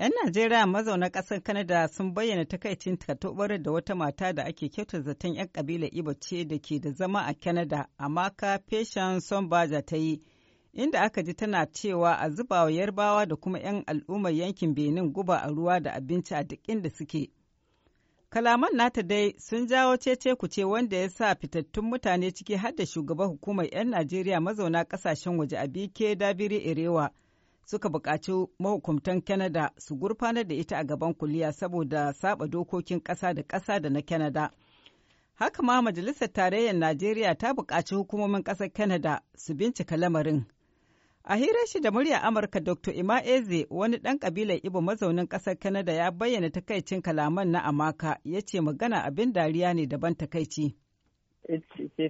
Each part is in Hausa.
'Yan Najeriya mazauna ƙasar Kanada sun bayyana takaicin katobar da wata mata da ake kyautar zaton 'yan ƙabilar Ibo ce da ke da zama a Canada, feshen son baja ta yi, inda aka ji tana cewa a zuba wa Yarbawa da kuma 'yan al'ummar yankin Benin guba a ruwa da abinci a duk inda suke. Kalaman nata dai sun jawo cece kuce wanda ya sa fitattun mutane ciki har da shugaban hukumar 'yan Najeriya mazauna ƙasashen waje a BK Dabiri Erewa. suka buƙaci mahukumtan Canada su gurfanar da ita a gaban kuliya saboda saba dokokin ƙasa da ƙasa da na Canada. Haka ma Majalisar Tarayyar Najeriya ta buƙaci hukumomin ƙasar Canada su bincika lamarin. A hirar shi da murya Amurka Dr. Ima Eze wani ɗan ƙabilar Ibo mazaunin ƙasar Canada ya bayyana takaicin kalaman na Amaka ya ce magana abin dariya ne daban takaici. It's, it's a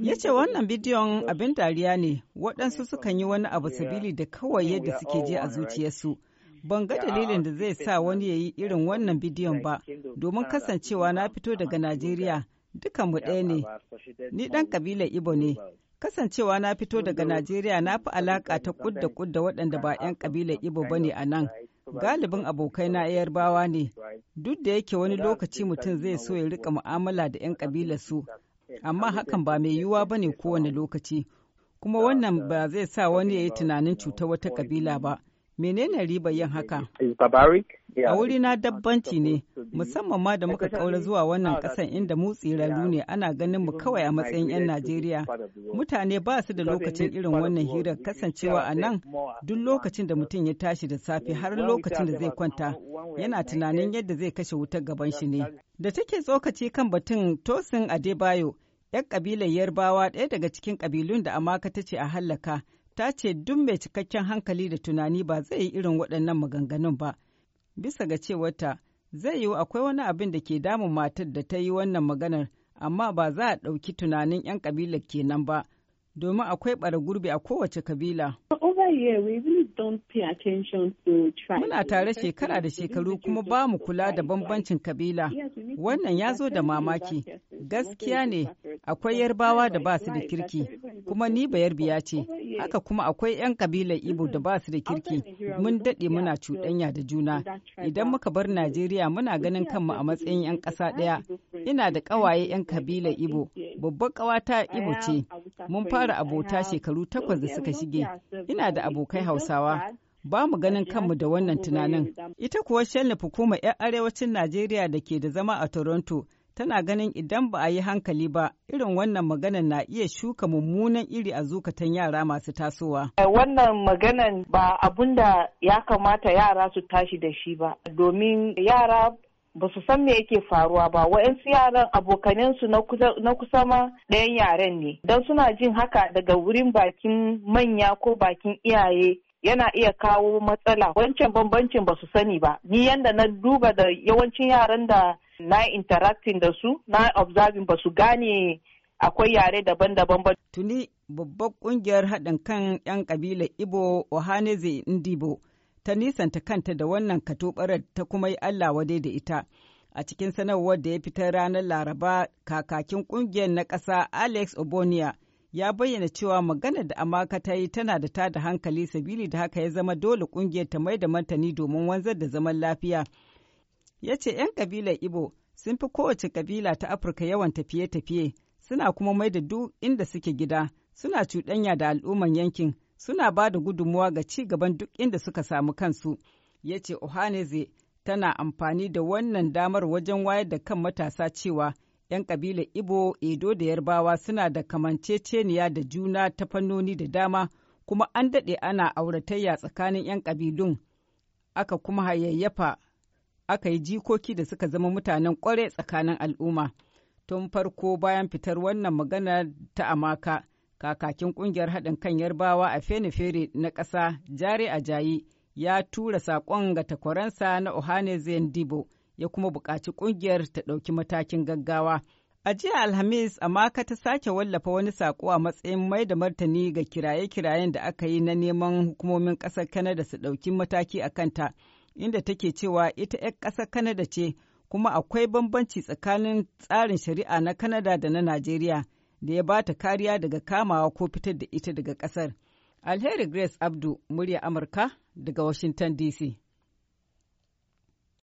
Ya ce wannan bidiyon abin dariya ne, waɗansu sukan yi wani abu sabili da kawai yadda suke je a zuciyarsu. Ban ga dalilin da zai sa wani ya yi irin wannan bidiyon ba, domin kasancewa na fito daga Najeriya, dukan mu ɗaya ne. Ni ɗan kabilar Ibo ne. Kasancewa na fito daga Najeriya na fi alaƙa ta kudda kudda waɗanda ba 'yan kabilar Ibo ba ne a nan. galibin abokai na yarbawa ne duk da yake wani lokaci mutum zai so ya rika mu'amala da 'yan kabilar su. amma hakan ba mai yiwuwa ba ne kowane lokaci, kuma wannan ba zai sa wani ya yi tunanin cuta wata kabila ba. Menene riba yin haka? A wuri na dabbanci ne, musamman ma da muka kaura zuwa wannan kasan inda mu tsirarru ne ana ganin mu kawai a matsayin 'yan Najeriya. Mutane ba su da lokacin irin wannan hirar kasancewa a nan duk lokacin da mutum ya tashi da safe har lokacin da zai kwanta yana tunanin yadda zai kashe wutar gaban shi ne. Da take tsokaci kan batun Tosin Adebayo 'yan ƙabilar yarbawa ɗaya daga cikin ƙabilun da amaka ta ce a hallaka ta ce duk mai cikakken hankali da tunani ba zai yi irin waɗannan maganganun ba bisa ga cewarta zai yiwu akwai wani abin da ke damun matar da ta yi wannan maganar amma ba za a ɗauki tunanin 'yan ƙabilar kenan ba domin akwai ɓara gurbi a kowace kabila. Muna tare shekara da shekaru kuma ba mu kula da bambancin kabila. Wannan ya zo da mamaki. Gaskiya ne akwai yarbawa da ba su da kirki kuma ni yarbiya ce haka kuma akwai 'yan kabilar ibo da ba su da kirki mun daɗe muna cuɗanya da juna idan muka bar najeriya muna ganin kanmu a matsayin 'yan ƙasa ɗaya ina da ƙawaye 'yan kabilar ibo babbar ƙawata ibo ce mun fara abota shekaru takwas da suka shige ina da abokai hausawa ba mu ganin kanmu da wannan tunanin ita kuwa shelnif hukumar 'yan arewacin najeriya da ke da zama a toronto tana ganin idan ba a yi hankali ba irin wannan maganan na iya shuka mummunan iri a zukatan yara masu tasowa. Eh, wannan maganan ba abun da ya kamata yara su tashi da shi ba domin yara ba su san me yake faruwa ba wa'yansu yaran abokanensu na kusa ma ɗayan yaren ne don suna jin haka daga wurin bakin manya ko bakin iyaye yana iya kawo matsala wancan bambancin ba su sani ba ni yanda na duba da yawancin yaran da na interacting da su na observing ba su gane akwai yare daban-daban ba. Tuni babbar kungiyar haɗin kan 'yan ƙabilar Ibo Ohaneze Ndibo ta nisanta kanta da wannan katobarar ta kuma yi Allah wadai da ita. A cikin sanarwar da ya fitar ranar Laraba kakakin kungiyar na ƙasa Alex Obonia ya bayyana cewa maganar da Amaka ta yi tana da ta da hankali sabili da haka ya zama dole kungiyar ta mai da martani domin wanzar da zaman lafiya. ya ce 'yan kabilar Ibo sun fi kowace kabila ta Afirka yawan tafiye-tafiye, suna kuma mai da duk inda suke gida, suna cuɗanya da al'umman yankin, suna ba da gudunmuwa ga ci gaban duk inda suka samu kansu. Ya ce Ohaneze tana amfani da wannan damar wajen wayar da kan matasa cewa 'yan kabilar Ibo, Edo da Yarbawa suna da kamanceceniya da juna ta fannoni da dama, kuma an daɗe ana auratayya tsakanin 'yan kabilun. Aka kuma hayayyafa aka yi jikoki da suka zama mutanen kware tsakanin al'umma. Tun farko bayan fitar wannan magana ta Amaka, kakakin kungiyar haɗin kan Yarbawa a Fene-Fere na ƙasa jari a jayi, ya tura saƙon ga takwaransa na Ohane dibo ya kuma buƙaci kungiyar ta ɗauki matakin gaggawa. A jiya Alhamis, Amaka ta sake wallafa wani saƙo a matsayin mai da martani ga kiraye-kirayen da aka yi na neman hukumomin ƙasar kanada su ɗauki mataki a kanta. inda take cewa ita 'yar ƙasar Kanada ce kuma akwai bambanci tsakanin tsarin shari'a na Kanada da na Najeriya da ya bata kariya daga kamawa ko fitar da ita daga ƙasar. Alheri Grace Abdu, murya Amurka daga Washington DC.